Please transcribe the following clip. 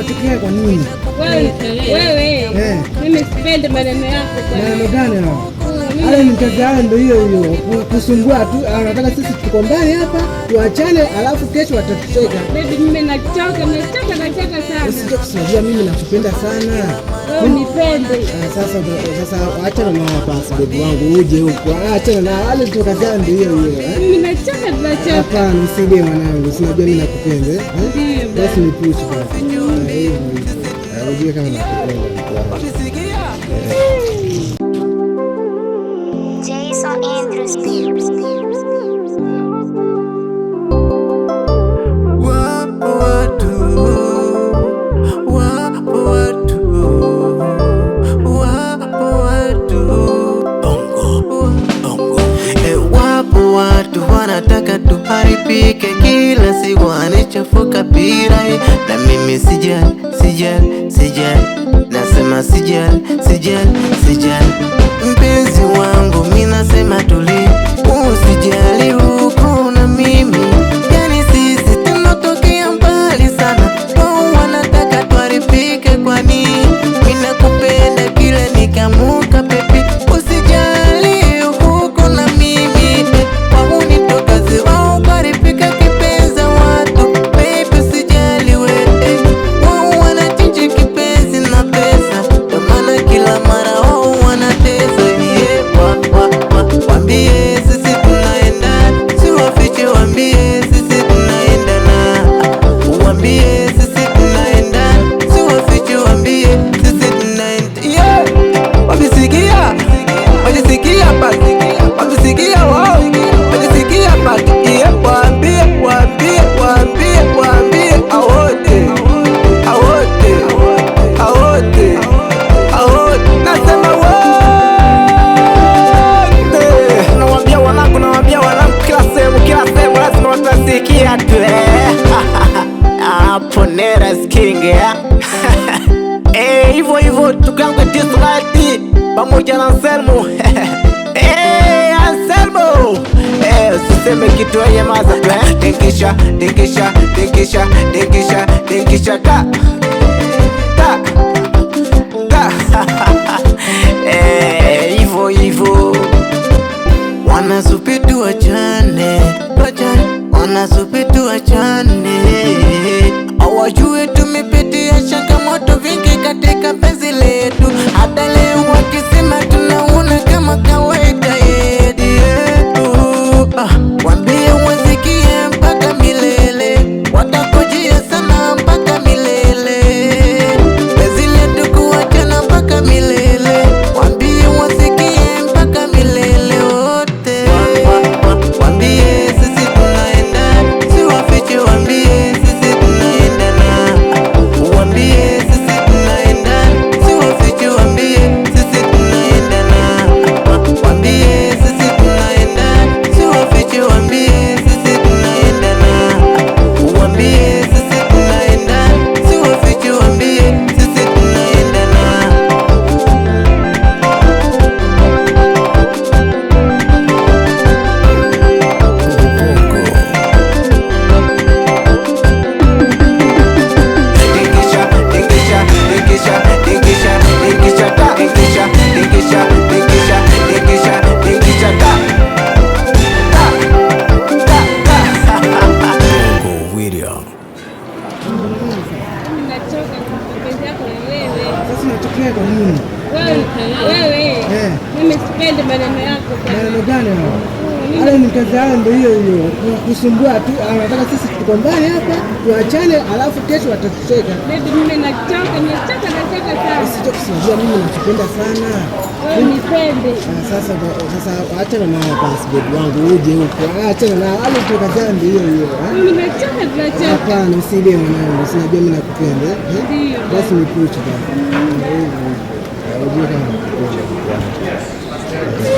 unachukia kwa nini? Eh. Maneno gani Hayo ni mtega yao ndio hiyo hiyo, kusumbua tu. Anataka ah, sisi tuko mbali hapa tuachane, alafu kesho watatucheka. Unajua mimi nakupenda sana. Ah, sasa sasa, achana na hapa, bebi wangu, uje huko, ah, achana na wale. Ndio ndio hiyo hiyo. Eh hapana, usidie mwanangu, sinajua mimi nakupenda. Basi nipushi basi, ujue kama nakupenda watu wanataka tuharibike, kila siku wanichafuka birai, na mimi sijali, sijali, sijali, nasema sijali, sijali, sijali, mpenzi wangu, mi nasema tulia Najisikia pati, najisikia wao, najisikia pati. Iye waambie, waambie, waambie, waambie awote, awote, awote, awote. Nasema wote, nawaambia wanangu, nawaambia wanangu, kila sehemu, kila sehemu lazima watasikia tu. Eh, hapo Nera King, eh. eh, hivyo hivyo tukangu katika pamoja na Anselmo hey, eh, Anselmo hey, eh, usiseme kitu wenye maza eh, Dingisha, dingisha, dingisha, dingisha, dingisha ta ta ta hey, ivo ivo wanasupi wachane wachane wanasupi tu awajue tumepitia changamoto vingi katika penzi letu yako nini? Wewe, wewe. Eh. Mimi sipendi maneno yako. Maneno gani hayo? Hata ni kazi yao ndio hiyo hiyo, kusumbua tu. Anataka ah, sisi tukombane hapa tuachane, alafu kesho watatucheka. Sitakusumbua, mimi nakupenda sana. Ah, sasa sasa, achana nao basi, wangu, uje huko, ah, achana nao. Hali kutoka zambi hiyo hiyo. Hapana, usilie mwanangu, sinajua mimi nakupenda. Eh? Basi nipuche basi, uje kama nakupenda